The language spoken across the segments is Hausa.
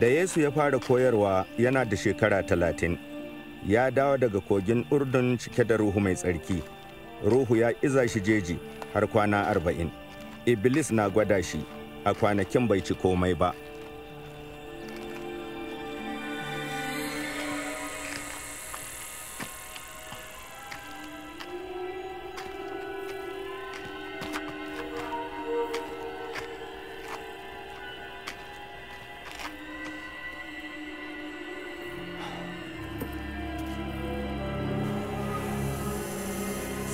da Yesu ya fara koyarwa yana da shekara talatin, ya dawo daga kogin Urdun cike da Ruhu mai tsarki. Ruhu ya iza shi jeji har kwana arba'in. Iblis na gwada shi, a kwanakin bai ci komai ba.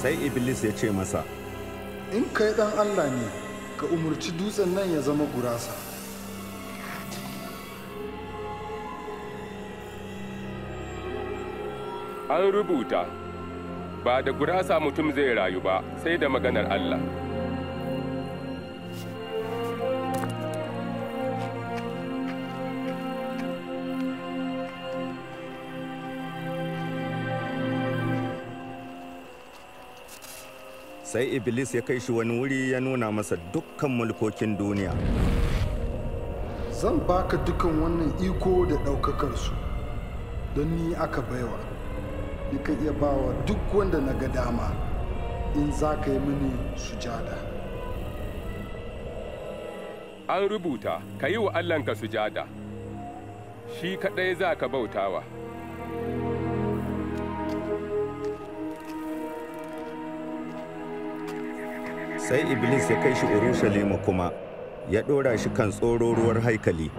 sai iblis ya ce masa in kai dan allah ne ka umarci dutsen nan ya zama gurasa an rubuta ba da gurasa mutum zai rayu ba sai da maganar allah sai iblis ya kai shi wani wuri ya nuna masa dukkan mulkokin duniya zan baka dukkan wannan iko da ɗaukakarsu don ni aka baiwa ni ka iya bawa duk wanda na ga dama in za ka yi mini sujada an rubuta ka yi wa allanka sujada shi kaɗai za ka bautawa sai iblis ya kai shi urushalima kuma ya ɗora shi kan tsoro tsororuwar haikali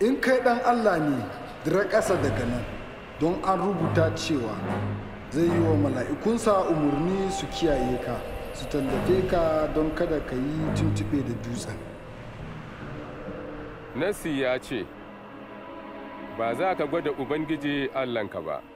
in kai ɗan allah ne dira ƙasa daga nan don an rubuta cewa zai yi wa mala'ikunsa umarni su kiyaye ka su tallafe ka don kada ka yi tuntube da dutsen nasi ya ce ba za ka gwada ubangiji allahnka ba